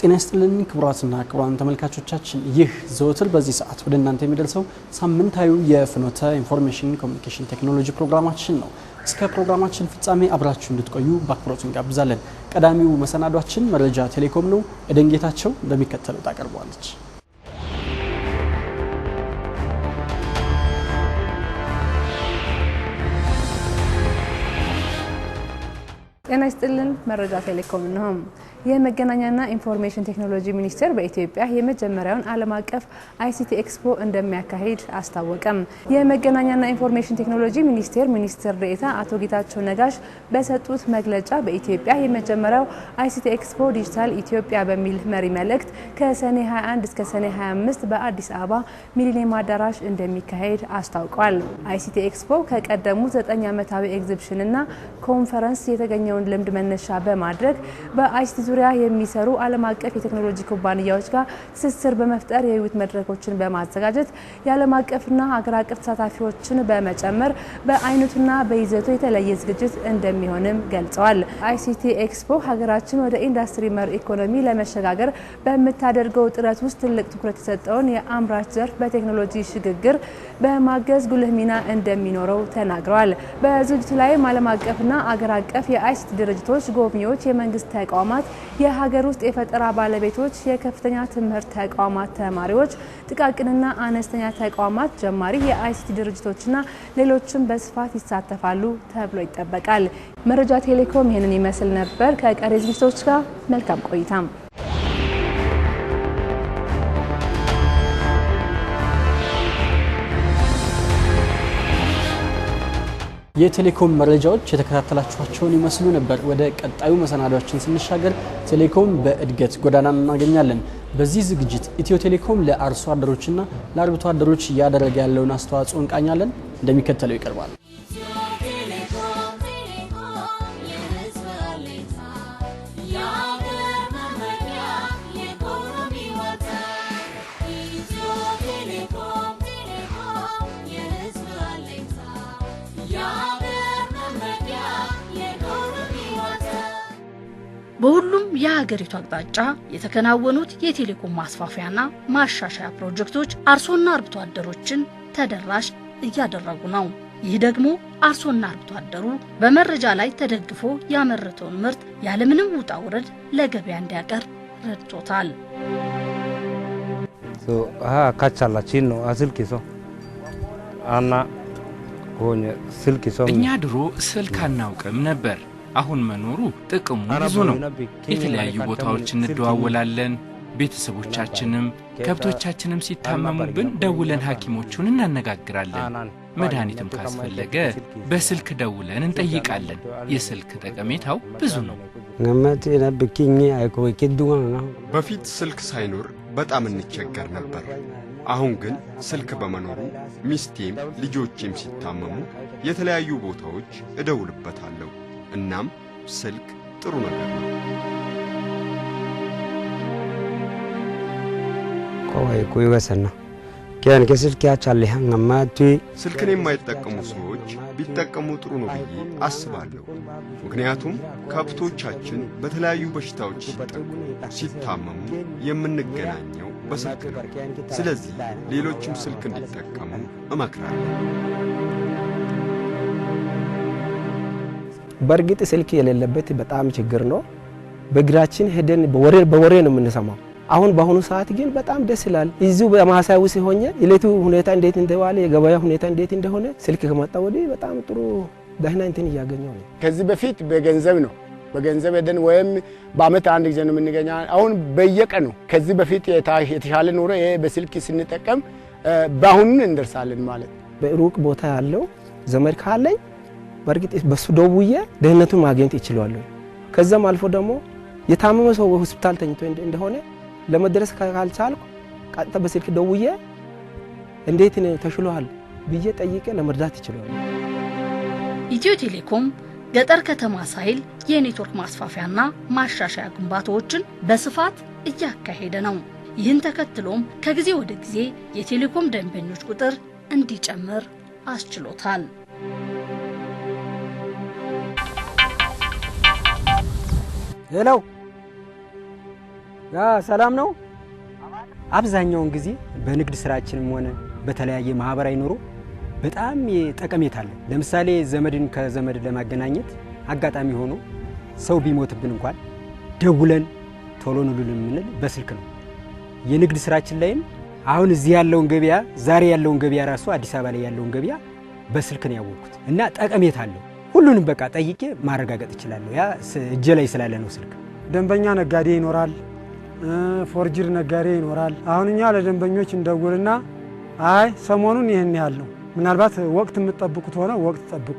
ጤና ይስጥልን ክቡራትና ክቡራን ተመልካቾቻችን፣ ይህ ዘወትር በዚህ ሰዓት ወደ እናንተ የሚደርሰው ሳምንታዊ የፍኖተ ኢንፎርሜሽን ኮሚኒኬሽን ቴክኖሎጂ ፕሮግራማችን ነው። እስከ ፕሮግራማችን ፍጻሜ አብራችሁ እንድትቆዩ በአክብሮት እንጋብዛለን። ቀዳሚው መሰናዷችን መረጃ ቴሌኮም ነው። ኤደን ጌታቸው እንደሚከተለው ታቀርበዋለች። ጤና ይስጥልን መረጃ ቴሌኮም ነው። የመገናኛና ኢንፎርሜሽን ቴክኖሎጂ ሚኒስቴር በኢትዮጵያ የመጀመሪያውን ዓለም አቀፍ አይሲቲ ኤክስፖ እንደሚያካሂድ አስታወቀም። የመገናኛና ኢንፎርሜሽን ቴክኖሎጂ ሚኒስቴር ሚኒስትር ዴኤታ አቶ ጌታቸው ነጋሽ በሰጡት መግለጫ በኢትዮጵያ የመጀመሪያው አይሲቲ ኤክስፖ ዲጂታል ኢትዮጵያ በሚል መሪ መልእክት ከሰኔ 21 እስከ ሰኔ 25 በአዲስ አበባ ሚሊኒየም አዳራሽ እንደሚካሄድ አስታውቋል። አይሲቲ ኤክስፖ ከቀደሙ ዘጠኝ ዓመታዊ ኤግዚቢሽንና ኮንፈረንስ የተገኘውን የሀገሪቱን ልምድ መነሻ በማድረግ በአይሲቲ ዙሪያ የሚሰሩ ዓለም አቀፍ የቴክኖሎጂ ኩባንያዎች ጋር ትስስር በመፍጠር የውይይት መድረኮችን በማዘጋጀት የዓለም አቀፍና ሀገር አቀፍ ተሳታፊዎችን በመጨመር በአይነቱና በይዘቱ የተለየ ዝግጅት እንደሚሆንም ገልጸዋል። አይሲቲ ኤክስፖ ሀገራችን ወደ ኢንዱስትሪ መር ኢኮኖሚ ለመሸጋገር በምታደርገው ጥረት ውስጥ ትልቅ ትኩረት የሰጠውን የአምራች ዘርፍ በቴክኖሎጂ ሽግግር በማገዝ ጉልህ ሚና እንደሚኖረው ተናግረዋል። በዝግጅቱ ላይም ዓለም አቀፍና አገር አቀፍ የአይሲቲ ድርጅቶች፣ ጎብኚዎች፣ የመንግስት ተቋማት፣ የሀገር ውስጥ የፈጠራ ባለቤቶች፣ የከፍተኛ ትምህርት ተቋማት ተማሪዎች፣ ጥቃቅንና አነስተኛ ተቋማት፣ ጀማሪ የአይሲቲ ድርጅቶችና ሌሎችም በስፋት ይሳተፋሉ ተብሎ ይጠበቃል። መረጃ ቴሌኮም ይህንን ይመስል ነበር። ከቀሪ ዝግጅቶች ጋር መልካም ቆይታም የቴሌኮም መረጃዎች የተከታተላችኋቸውን ይመስሉ ነበር። ወደ ቀጣዩ መሰናዷችን ስንሻገር ቴሌኮም በእድገት ጎዳና እናገኛለን። በዚህ ዝግጅት ኢትዮ ቴሌኮም ለአርሶ አደሮችና ለአርብቶ አደሮች እያደረገ ያለውን አስተዋጽኦ እንቃኛለን። እንደሚከተለው ይቀርባል። የሀገሪቱ አቅጣጫ የተከናወኑት የቴሌኮም ማስፋፊያና ማሻሻያ ፕሮጀክቶች አርሶና አርብቶ አደሮችን ተደራሽ እያደረጉ ነው። ይህ ደግሞ አርሶና አርብቶ አደሩ በመረጃ ላይ ተደግፎ ያመረተውን ምርት ያለምንም ውጣ ውረድ ለገበያ እንዲያቀርብ ረድቶታል። እኛ ድሮ ስልክ አናውቅም ነበር አሁን መኖሩ ጥቅሙ ብዙ ነው። የተለያዩ ቦታዎች እንደዋወላለን። ቤተሰቦቻችንም ከብቶቻችንም ሲታመሙብን ደውለን ሐኪሞቹን እናነጋግራለን። መድኃኒትም ካስፈለገ በስልክ ደውለን እንጠይቃለን። የስልክ ጠቀሜታው ብዙ ነው። በፊት ስልክ ሳይኖር በጣም እንቸገር ነበር። አሁን ግን ስልክ በመኖሩ ሚስቴም ልጆቼም ሲታመሙ የተለያዩ ቦታዎች እደውልበታለሁ። እናም ስልክ ጥሩ ነገር ነው። ስልክን የማይጠቀሙ ሰዎች ቢጠቀሙ ጥሩ ነው ብዬ አስባለሁ። ምክንያቱም ከብቶቻችን በተለያዩ በሽታዎች ሲጠቁ፣ ሲታመሙ የምንገናኘው በስልክ ነው። ስለዚህ ሌሎችም ስልክ እንዲጠቀሙ እመክራለሁ። በእርግጥ ስልክ የሌለበት በጣም ችግር ነው። በእግራችን ሄደን በወሬ ነው የምንሰማው። አሁን በአሁኑ ሰዓት ግን በጣም ደስ ይላል። እዚሁ በማሳዊ ሲሆኘ የሌቱ ሁኔታ እንዴት እንደዋለ የገበያ ሁኔታ እንዴት እንደሆነ ስልክ ከመጣ ወዲህ በጣም ጥሩ ደህና እንትን እያገኘው ነው። ከዚህ በፊት በገንዘብ ነው በገንዘብ ሄደን ወይም በአመት አንድ ጊዜ ነው የምንገኛ። አሁን በየቀኑ ከዚህ በፊት የተሻለ ኑሮ ይሄ በስልክ ስንጠቀም በአሁኑን እንደርሳለን ማለት በሩቅ ቦታ ያለው ዘመድ ካለኝ በእርግጥ በሱ ደውዬ ደህንነቱን ማግኘት ይችላለሁ። ከዛም አልፎ ደግሞ የታመመ ሰው በሆስፒታል ተኝቶ እንደሆነ ለመድረስ ካልቻልኩ ቀጥታ በስልክ ደውዬ እንዴት ተሽሎሃል ብዬ ጠይቄ ለመርዳት ይችላሉ። ኢትዮ ቴሌኮም ገጠር ከተማ ሳይል የኔትወርክ ማስፋፊያና ማሻሻያ ግንባታዎችን በስፋት እያካሄደ ነው። ይህን ተከትሎም ከጊዜ ወደ ጊዜ የቴሌኮም ደንበኞች ቁጥር እንዲጨምር አስችሎታል። ሄሎ ሰላም ነው። አብዛኛውን ጊዜ በንግድ ስራችንም ሆነ በተለያየ ማህበራዊ ኑሮ በጣም ጠቀሜታ አለ። ለምሳሌ ዘመድን ከዘመድ ለማገናኘት አጋጣሚ ሆኖ ሰው ቢሞትብን እንኳን ደውለን ቶሎ ንሉል የምንል በስልክ ነው። የንግድ ስራችን ላይም አሁን እዚህ ያለውን ገበያ ዛሬ ያለውን ገበያ ራሱ አዲስ አበባ ላይ ያለውን ገበያ በስልክ ነው ያወቅኩት እና ጠቀሜታ አለው። ሁሉንም በቃ ጠይቄ ማረጋገጥ እችላለሁ። ያ እጄ ላይ ስላለ ነው ስልክ። ደንበኛ ነጋዴ ይኖራል፣ ፎርጅር ነጋዴ ይኖራል። አሁን እኛ ለደንበኞች እንደውልና አይ ሰሞኑን ይህን ያህል ነው፣ ምናልባት ወቅት የምትጠብቁት ሆነ ወቅት ጠብቁ፣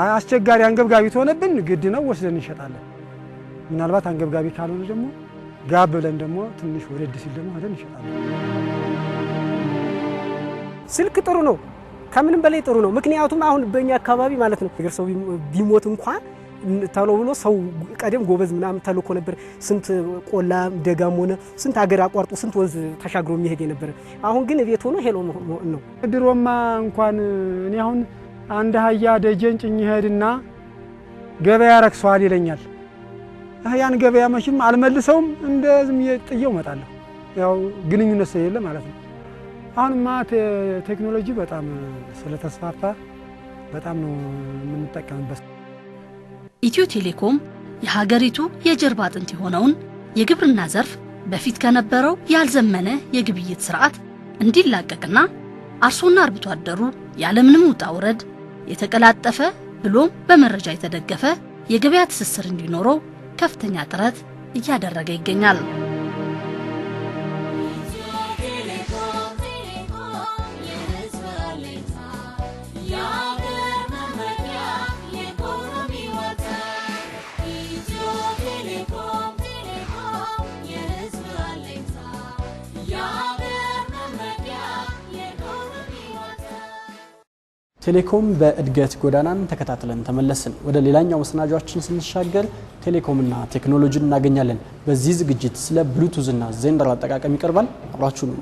አይ አስቸጋሪ አንገብጋቢ ትሆነብን ግድ ነው ወስደን እንሸጣለን። ምናልባት አንገብጋቢ ካልሆነ ደግሞ ጋብ ብለን ደግሞ ትንሽ ወደድ ሲል ደግሞ ሄደን እንሸጣለን። ስልክ ጥሩ ነው። ከምንም በላይ ጥሩ ነው። ምክንያቱም አሁን በእኛ አካባቢ ማለት ነው እግር ሰው ቢሞት እንኳን ተሎ ብሎ ሰው ቀደም ጎበዝ ምናምን ተልኮ ነበር። ስንት ቆላ ደጋም ሆነ ስንት ሀገር አቋርጦ ስንት ወንዝ ተሻግሮ የሚሄድ የነበረ። አሁን ግን ቤት ሆኖ ሄሎ ነው። ድሮማ እንኳን እኔ አሁን አንድ አህያ ደጀን ጭኝ ሄድና ገበያ ረክሰዋል ይለኛል። ያን ገበያ መቼም አልመልሰውም፣ እንደ ዝም ጥየው እመጣለሁ። ያው ግንኙነት ስለሌለ ማለት ነው አሁንማ ቴክኖሎጂ በጣም ስለተስፋፋ በጣም ነው የምንጠቀምበት። ኢትዮ ቴሌኮም የሀገሪቱ የጀርባ አጥንት የሆነውን የግብርና ዘርፍ በፊት ከነበረው ያልዘመነ የግብይት ስርዓት እንዲላቀቅና አርሶና አርብቶ አደሩ ያለምንም ውጣ ውረድ የተቀላጠፈ ብሎም በመረጃ የተደገፈ የገበያ ትስስር እንዲኖረው ከፍተኛ ጥረት እያደረገ ይገኛል። ቴሌኮም በእድገት ጎዳናን ተከታትለን ተመለስን። ወደ ሌላኛው መሰናዷችን ስንሻገር ቴሌኮምና ቴክኖሎጂን እናገኛለን። በዚህ ዝግጅት ስለ ብሉቱዝና ዜንደር አጠቃቀም ይቀርባል። አብራችሁ ነው።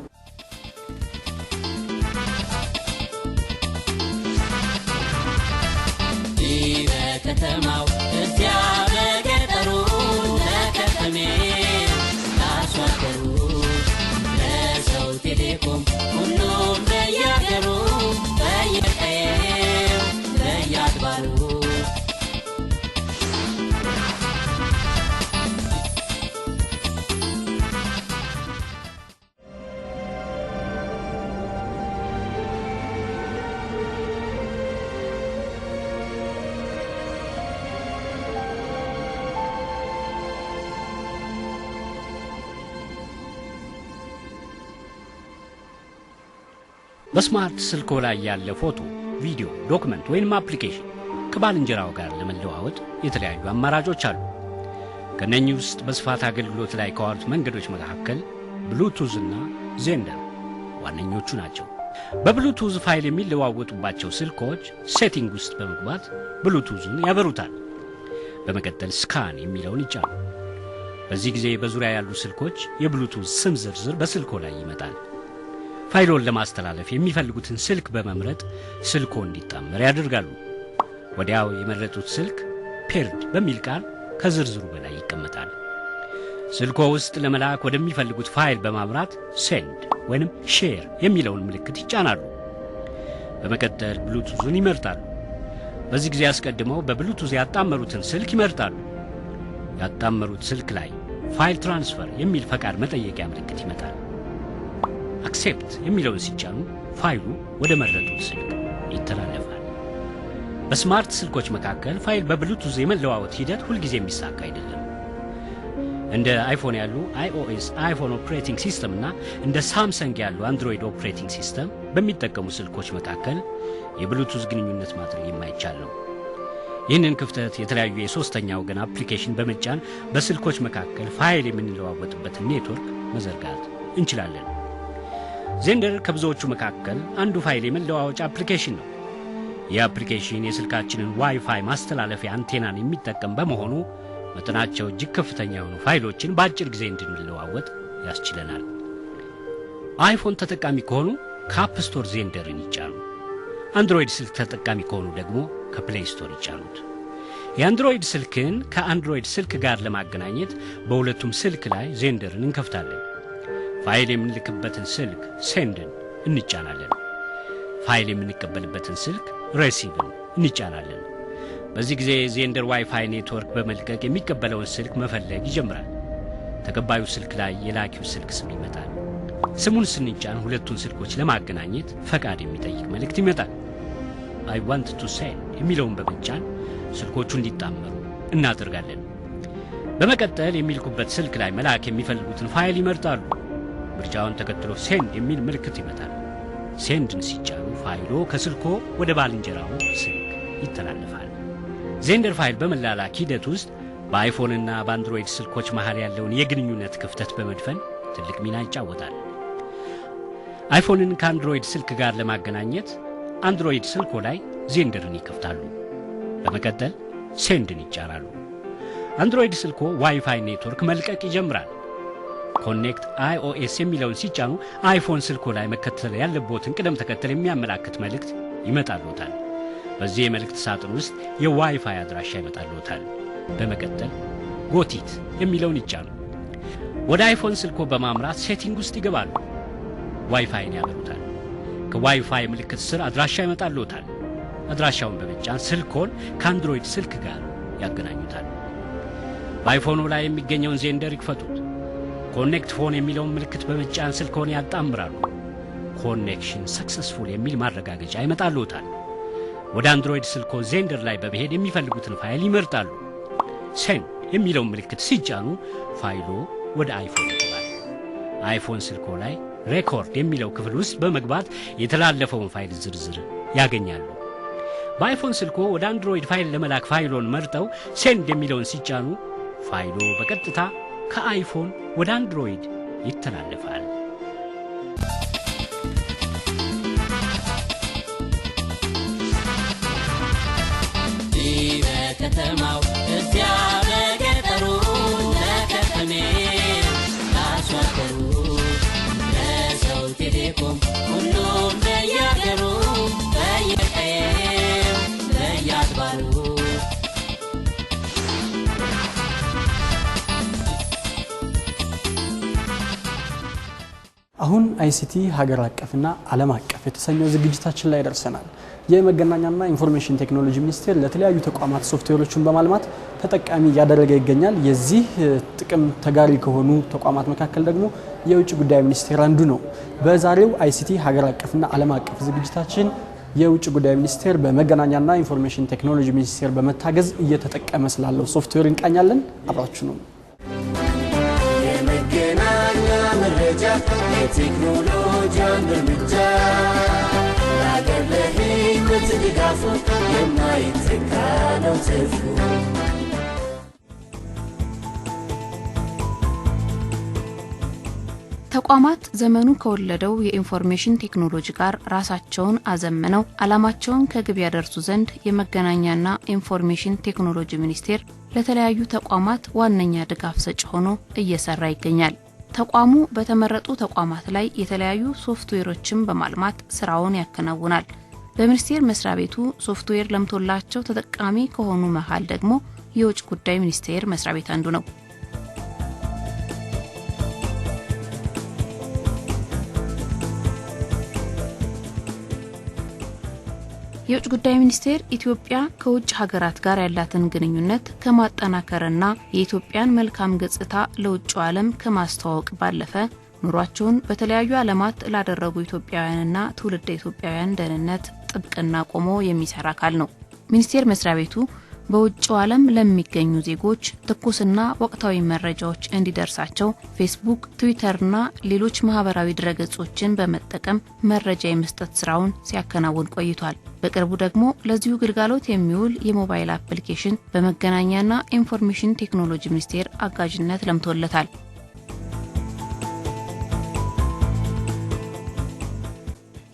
በስማርት ስልኮ ላይ ያለ ፎቶ፣ ቪዲዮ፣ ዶክመንት ወይም አፕሊኬሽን ከባልንጀራው ጋር ለመለዋወጥ የተለያዩ አማራጮች አሉ። ከነኚህ ውስጥ በስፋት አገልግሎት ላይ ከዋሉት መንገዶች መካከል ብሉቱዝ እና ዜንደር ዋነኞቹ ናቸው። በብሉቱዝ ፋይል የሚለዋወጡባቸው ስልኮች ሴቲንግ ውስጥ በመግባት ብሉቱዝን ያበሩታል። በመቀጠል ስካን የሚለውን ይጫኑ። በዚህ ጊዜ በዙሪያ ያሉ ስልኮች የብሉቱዝ ስም ዝርዝር በስልኮ ላይ ይመጣል። ፋይሎን ለማስተላለፍ የሚፈልጉትን ስልክ በመምረጥ ስልኮ እንዲጣመር ያደርጋሉ። ወዲያው የመረጡት ስልክ ፔርድ በሚል ቃል ከዝርዝሩ በላይ ይቀመጣል። ስልኮ ውስጥ ለመላክ ወደሚፈልጉት ፋይል በማምራት ሴንድ ወይም ሼር የሚለውን ምልክት ይጫናሉ። በመቀጠል ብሉቱዙን ይመርጣሉ። በዚህ ጊዜ አስቀድመው በብሉቱዝ ያጣመሩትን ስልክ ይመርጣሉ። ያጣመሩት ስልክ ላይ ፋይል ትራንስፈር የሚል ፈቃድ መጠየቂያ ምልክት ይመጣል። አክሴፕት የሚለውን ሲጫኑ ፋይሉ ወደ መረጡት ስልክ ይተላለፋል። በስማርት ስልኮች መካከል ፋይል በብሉቱዝ የመለዋወጥ ሂደት ሁልጊዜ የሚሳካ አይደለም። እንደ አይፎን ያሉ አይኦኤስ አይፎን ኦፕሬቲንግ ሲስተም እና እንደ ሳምሰንግ ያሉ አንድሮይድ ኦፕሬቲንግ ሲስተም በሚጠቀሙ ስልኮች መካከል የብሉቱዝ ግንኙነት ማድረግ የማይቻል ነው። ይህንን ክፍተት የተለያዩ የሶስተኛ ወገን አፕሊኬሽን በመጫን በስልኮች መካከል ፋይል የምንለዋወጥበትን ኔትወርክ መዘርጋት እንችላለን። ዜንደር ከብዙዎቹ መካከል አንዱ ፋይል የመለዋወጫ አፕሊኬሽን ነው። ይህ አፕሊኬሽን የስልካችንን ዋይፋይ ማስተላለፊያ አንቴናን የሚጠቀም በመሆኑ መጠናቸው እጅግ ከፍተኛ የሆኑ ፋይሎችን በአጭር ጊዜ እንድንለዋወጥ ያስችለናል። አይፎን ተጠቃሚ ከሆኑ ከአፕ ስቶር ዜንደርን ይጫኑ። አንድሮይድ ስልክ ተጠቃሚ ከሆኑ ደግሞ ከፕሌይ ስቶር ይጫኑት። የአንድሮይድ ስልክን ከአንድሮይድ ስልክ ጋር ለማገናኘት በሁለቱም ስልክ ላይ ዜንደርን እንከፍታለን። ፋይል የምንልክበትን ስልክ ሴንድን እንጫናለን። ፋይል የምንቀበልበትን ስልክ ሬሲቭን እንጫናለን። በዚህ ጊዜ ዜንደር ዋይፋይ ኔትወርክ በመልቀቅ የሚቀበለውን ስልክ መፈለግ ይጀምራል። ተቀባዩ ስልክ ላይ የላኪው ስልክ ስም ይመጣል። ስሙን ስንጫን ሁለቱን ስልኮች ለማገናኘት ፈቃድ የሚጠይቅ መልእክት ይመጣል። አይ ዋንት ቱ ሴንድ የሚለውን በመጫን ስልኮቹ እንዲጣመሩ እናደርጋለን። በመቀጠል የሚልኩበት ስልክ ላይ መላክ የሚፈልጉትን ፋይል ይመርጣሉ። ምርጫውን ተከትሎ ሴንድ የሚል ምልክት ይመታል። ሴንድን ሲጫኑ ፋይሎ ከስልኮ ወደ ባልንጀራው ስልክ ይተላለፋል። ዜንደር ፋይል በመላላክ ሂደት ውስጥ በአይፎንና በአንድሮይድ ስልኮች መሃል ያለውን የግንኙነት ክፍተት በመድፈን ትልቅ ሚና ይጫወታል። አይፎንን ከአንድሮይድ ስልክ ጋር ለማገናኘት አንድሮይድ ስልኮ ላይ ዜንደርን ይከፍታሉ። በመቀጠል ሴንድን ይጫራሉ። አንድሮይድ ስልኮ ዋይፋይ ኔትወርክ መልቀቅ ይጀምራል። ኮኔክት አይኦኤስ የሚለውን ሲጫኑ አይፎን ስልኮ ላይ መከተል ያለቦትን ቅደም ተከተል የሚያመላክት መልእክት ይመጣልዎታል። በዚህ የመልእክት ሳጥን ውስጥ የዋይፋይ አድራሻ ይመጣልዎታል። በመቀጠል ጎቲት የሚለውን ይጫኑ። ወደ አይፎን ስልኮ በማምራት ሴቲንግ ውስጥ ይገባሉ። ዋይፋይን ያበሩታል። ከዋይፋይ ምልክት ስር አድራሻ ይመጣልዎታል። አድራሻውን በመጫን ስልኮን ከአንድሮይድ ስልክ ጋር ያገናኙታል። በአይፎኑ ላይ የሚገኘውን ዜንደር ይክፈቱት። ኮኔክት ፎን የሚለውን ምልክት በመጫን ስልክዎን ያጣምራሉ። ኮኔክሽን ሰክሰስፉል የሚል ማረጋገጫ ይመጣልዎታል። ወደ አንድሮይድ ስልኮ ዜንደር ላይ በመሄድ የሚፈልጉትን ፋይል ይመርጣሉ። ሴን የሚለውን ምልክት ሲጫኑ ፋይሉ ወደ አይፎን ይገባል። አይፎን ስልኮ ላይ ሬኮርድ የሚለው ክፍል ውስጥ በመግባት የተላለፈውን ፋይል ዝርዝር ያገኛሉ። በአይፎን ስልኮ ወደ አንድሮይድ ፋይል ለመላክ ፋይሎን መርጠው ሴንድ የሚለውን ሲጫኑ ፋይሎ በቀጥታ ከአይፎን ወደ አንድሮይድ ይተላለፋል። ከተማው እዚያ በገጠሩ ለከተሜ ላሷገሩ ለሰው ቴሌኮም ሁሉም በያገሩ አሁን አይሲቲ ሀገር አቀፍና ዓለም አቀፍ የተሰኘው ዝግጅታችን ላይ ደርሰናል። የመገናኛና ኢንፎርሜሽን ቴክኖሎጂ ሚኒስቴር ለተለያዩ ተቋማት ሶፍትዌሮችን በማልማት ተጠቃሚ እያደረገ ይገኛል። የዚህ ጥቅም ተጋሪ ከሆኑ ተቋማት መካከል ደግሞ የውጭ ጉዳይ ሚኒስቴር አንዱ ነው። በዛሬው አይሲቲ ሀገር አቀፍና ዓለም አቀፍ ዝግጅታችን የውጭ ጉዳይ ሚኒስቴር በመገናኛና ኢንፎርሜሽን ቴክኖሎጂ ሚኒስቴር በመታገዝ እየተጠቀመ ስላለው ሶፍትዌር እንቃኛለን። አብራችሁ ነው የቴክኖሎጂ እርምጃ ለአገር ድጋፉ የማይተካ ነው ትርፉ። ተቋማት ዘመኑ ከወለደው የኢንፎርሜሽን ቴክኖሎጂ ጋር ራሳቸውን አዘምነው ዓላማቸውን ከግብ ያደርሱ ዘንድ የመገናኛና ኢንፎርሜሽን ቴክኖሎጂ ሚኒስቴር ለተለያዩ ተቋማት ዋነኛ ድጋፍ ሰጪ ሆኖ እየሰራ ይገኛል። ተቋሙ በተመረጡ ተቋማት ላይ የተለያዩ ሶፍትዌሮችን በማልማት ስራውን ያከናውናል። በሚኒስቴር መስሪያ ቤቱ ሶፍትዌር ለምቶላቸው ተጠቃሚ ከሆኑ መሀል ደግሞ የውጭ ጉዳይ ሚኒስቴር መስሪያ ቤት አንዱ ነው። የውጭ ጉዳይ ሚኒስቴር ኢትዮጵያ ከውጭ ሀገራት ጋር ያላትን ግንኙነት ከማጠናከርና የኢትዮጵያን መልካም ገጽታ ለውጭው ዓለም ከማስተዋወቅ ባለፈ ኑሯቸውን በተለያዩ ዓለማት ላደረጉ ኢትዮጵያውያንና ትውልደ ኢትዮጵያውያን ደህንነት ጥብቅና ቆሞ የሚሰራ አካል ነው። ሚኒስቴር መስሪያ ቤቱ በውጭው ዓለም ለሚገኙ ዜጎች ትኩስና ወቅታዊ መረጃዎች እንዲደርሳቸው ፌስቡክ፣ ትዊተርና ሌሎች ማህበራዊ ድረገጾችን በመጠቀም መረጃ የመስጠት ስራውን ሲያከናውን ቆይቷል። በቅርቡ ደግሞ ለዚሁ ግልጋሎት የሚውል የሞባይል አፕሊኬሽን በመገናኛና ኢንፎርሜሽን ቴክኖሎጂ ሚኒስቴር አጋዥነት ለምቶለታል።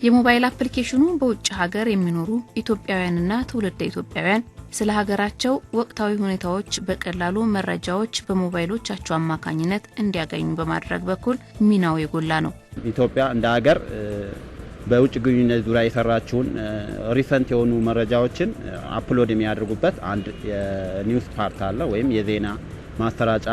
የሞባይል አፕሊኬሽኑ በውጭ ሀገር የሚኖሩ ኢትዮጵያውያንና ትውልደ ኢትዮጵያውያን ስለ ሀገራቸው ወቅታዊ ሁኔታዎች በቀላሉ መረጃዎች በሞባይሎቻቸው አማካኝነት እንዲያገኙ በማድረግ በኩል ሚናው የጎላ ነው። ኢትዮጵያ እንደ ሀገር በውጭ ግንኙነት ዙሪያ የሰራችውን ሪሰንት የሆኑ መረጃዎችን አፕሎድ የሚያደርጉበት አንድ የኒውስ ፓርት አለው ወይም የዜና ማሰራጫ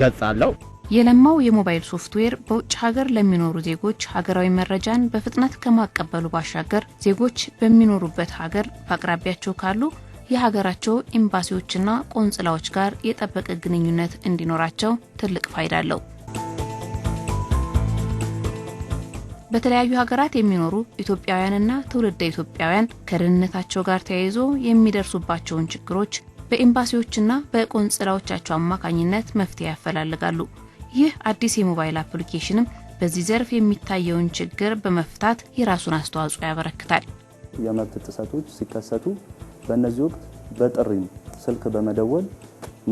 ገጽ አለው። የለማው የሞባይል ሶፍትዌር በውጭ ሀገር ለሚኖሩ ዜጎች ሀገራዊ መረጃን በፍጥነት ከማቀበሉ ባሻገር ዜጎች በሚኖሩበት ሀገር በአቅራቢያቸው ካሉ የሀገራቸው ኤምባሲዎችና ቆንጽላዎች ጋር የጠበቀ ግንኙነት እንዲኖራቸው ትልቅ ፋይዳ አለው። በተለያዩ ሀገራት የሚኖሩ ኢትዮጵያውያንና ትውልደ ኢትዮጵያውያን ከደህንነታቸው ጋር ተያይዞ የሚደርሱባቸውን ችግሮች በኤምባሲዎችና በቆንጽላዎቻቸው አማካኝነት መፍትሄ ያፈላልጋሉ። ይህ አዲስ የሞባይል አፕሊኬሽንም በዚህ ዘርፍ የሚታየውን ችግር በመፍታት የራሱን አስተዋጽኦ ያበረክታል። የመብት ጥሰቶች ሲከሰቱ በእነዚህ ወቅት በጥሪም ስልክ በመደወል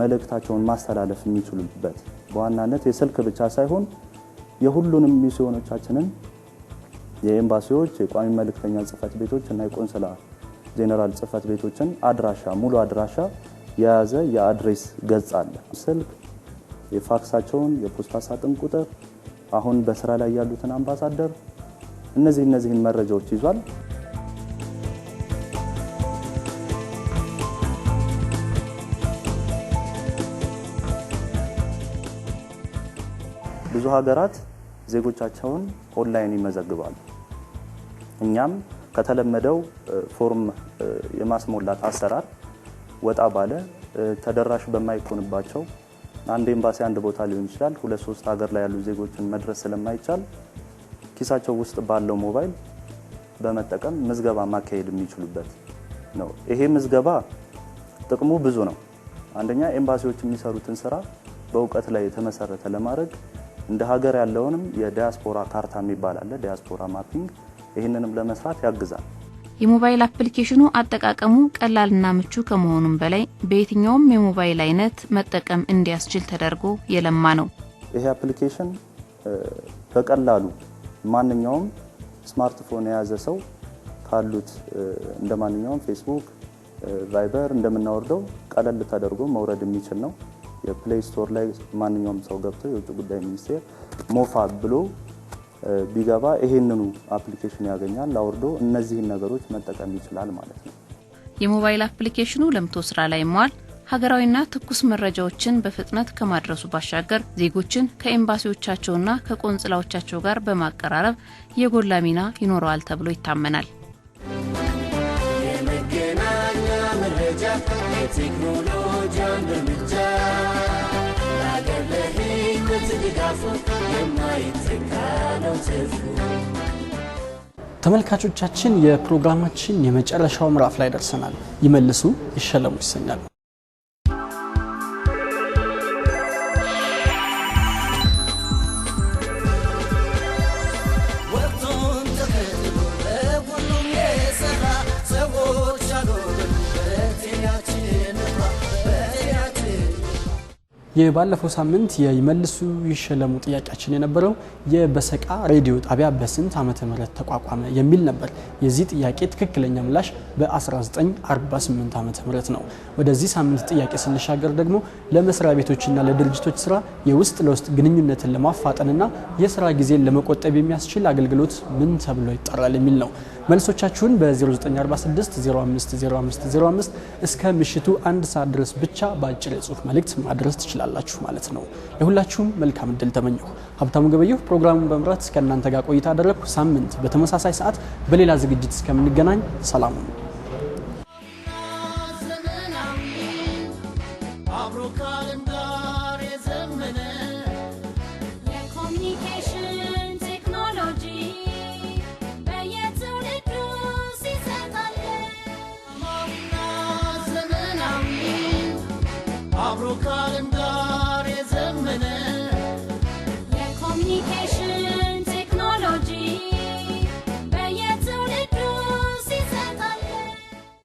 መልእክታቸውን ማስተላለፍ የሚችሉበት በዋናነት የስልክ ብቻ ሳይሆን የሁሉንም ሚስዮኖቻችንን የኤምባሲዎች፣ የቋሚ መልእክተኛ ጽህፈት ቤቶች እና የቆንስላ ጄኔራል ጽህፈት ቤቶችን አድራሻ ሙሉ አድራሻ የያዘ የአድሬስ ገጽ አለ። ስልክ፣ የፋክሳቸውን፣ የፖስታ ሳጥን ቁጥር፣ አሁን በስራ ላይ ያሉትን አምባሳደር እነዚህ እነዚህን መረጃዎች ይዟል። ብዙ ሀገራት ዜጎቻቸውን ኦንላይን ይመዘግባሉ። እኛም ከተለመደው ፎርም የማስሞላት አሰራር ወጣ ባለ ተደራሽ በማይኮንባቸው አንድ ኤምባሲ አንድ ቦታ ሊሆን ይችላል፣ ሁለት ሶስት ሀገር ላይ ያሉ ዜጎችን መድረስ ስለማይቻል ኪሳቸው ውስጥ ባለው ሞባይል በመጠቀም ምዝገባ ማካሄድ የሚችሉበት ነው። ይሄ ምዝገባ ጥቅሙ ብዙ ነው። አንደኛ ኤምባሲዎች የሚሰሩትን ስራ በእውቀት ላይ የተመሰረተ ለማድረግ እንደ ሀገር ያለውንም የዲያስፖራ ካርታ የሚባል አለ፣ ዲያስፖራ ማፒንግ፣ ይህንንም ለመስራት ያግዛል። የሞባይል አፕሊኬሽኑ አጠቃቀሙ ቀላልና ምቹ ከመሆኑም በላይ በየትኛውም የሞባይል አይነት መጠቀም እንዲያስችል ተደርጎ የለማ ነው። ይሄ አፕሊኬሽን በቀላሉ ማንኛውም ስማርትፎን የያዘ ሰው ካሉት እንደ ማንኛውም ፌስቡክ፣ ቫይበር እንደምናወርደው ቀለል ተደርጎ መውረድ የሚችል ነው። የፕሌይ ስቶር ላይ ማንኛውም ሰው ገብቶ የውጭ ጉዳይ ሚኒስቴር ሞፋ ብሎ ቢገባ ይሄንኑ አፕሊኬሽን ያገኛል። አውርዶ እነዚህን ነገሮች መጠቀም ይችላል ማለት ነው። የሞባይል አፕሊኬሽኑ ለምቶ ስራ ላይ መዋል ሀገራዊና ትኩስ መረጃዎችን በፍጥነት ከማድረሱ ባሻገር ዜጎችን ከኤምባሲዎቻቸውና ከቆንጽላዎቻቸው ጋር በማቀራረብ የጎላ ሚና ይኖረዋል ተብሎ ይታመናል። የመገናኛ መረጃ የቴክኖሎጂ ተመልካቾቻችን የፕሮግራማችን የመጨረሻው ምዕራፍ ላይ ደርሰናል። ይመልሱ ይሸለሙ ይሰኛል። የባለፈው ሳምንት የይመልሱ ይሸለሙ ጥያቄያችን የነበረው የበሰቃ ሬዲዮ ጣቢያ በስንት ዓመተ ምህረት ተቋቋመ የሚል ነበር። የዚህ ጥያቄ ትክክለኛ ምላሽ በ1948 ዓመተ ምህረት ነው። ወደዚህ ሳምንት ጥያቄ ስንሻገር ደግሞ ለመስሪያ ቤቶችና ለድርጅቶች ስራ የውስጥ ለውስጥ ግንኙነትን ለማፋጠንና የስራ ጊዜን ለመቆጠብ የሚያስችል አገልግሎት ምን ተብሎ ይጠራል የሚል ነው። መልሶቻችሁን በ0946 05 እስከ ምሽቱ አንድ ሰዓት ድረስ ብቻ በአጭር የጽሁፍ መልእክት ማድረስ ትችላላችሁ ማለት ነው። ለሁላችሁም መልካም እድል ተመኘሁ። ሀብታሙ ገበየሁ ፕሮግራሙን በመምራት ከእናንተ ጋር ቆይታ አደረግኩ። ሳምንት በተመሳሳይ ሰዓት በሌላ ዝግጅት እስከምንገናኝ ሰላሙ ነው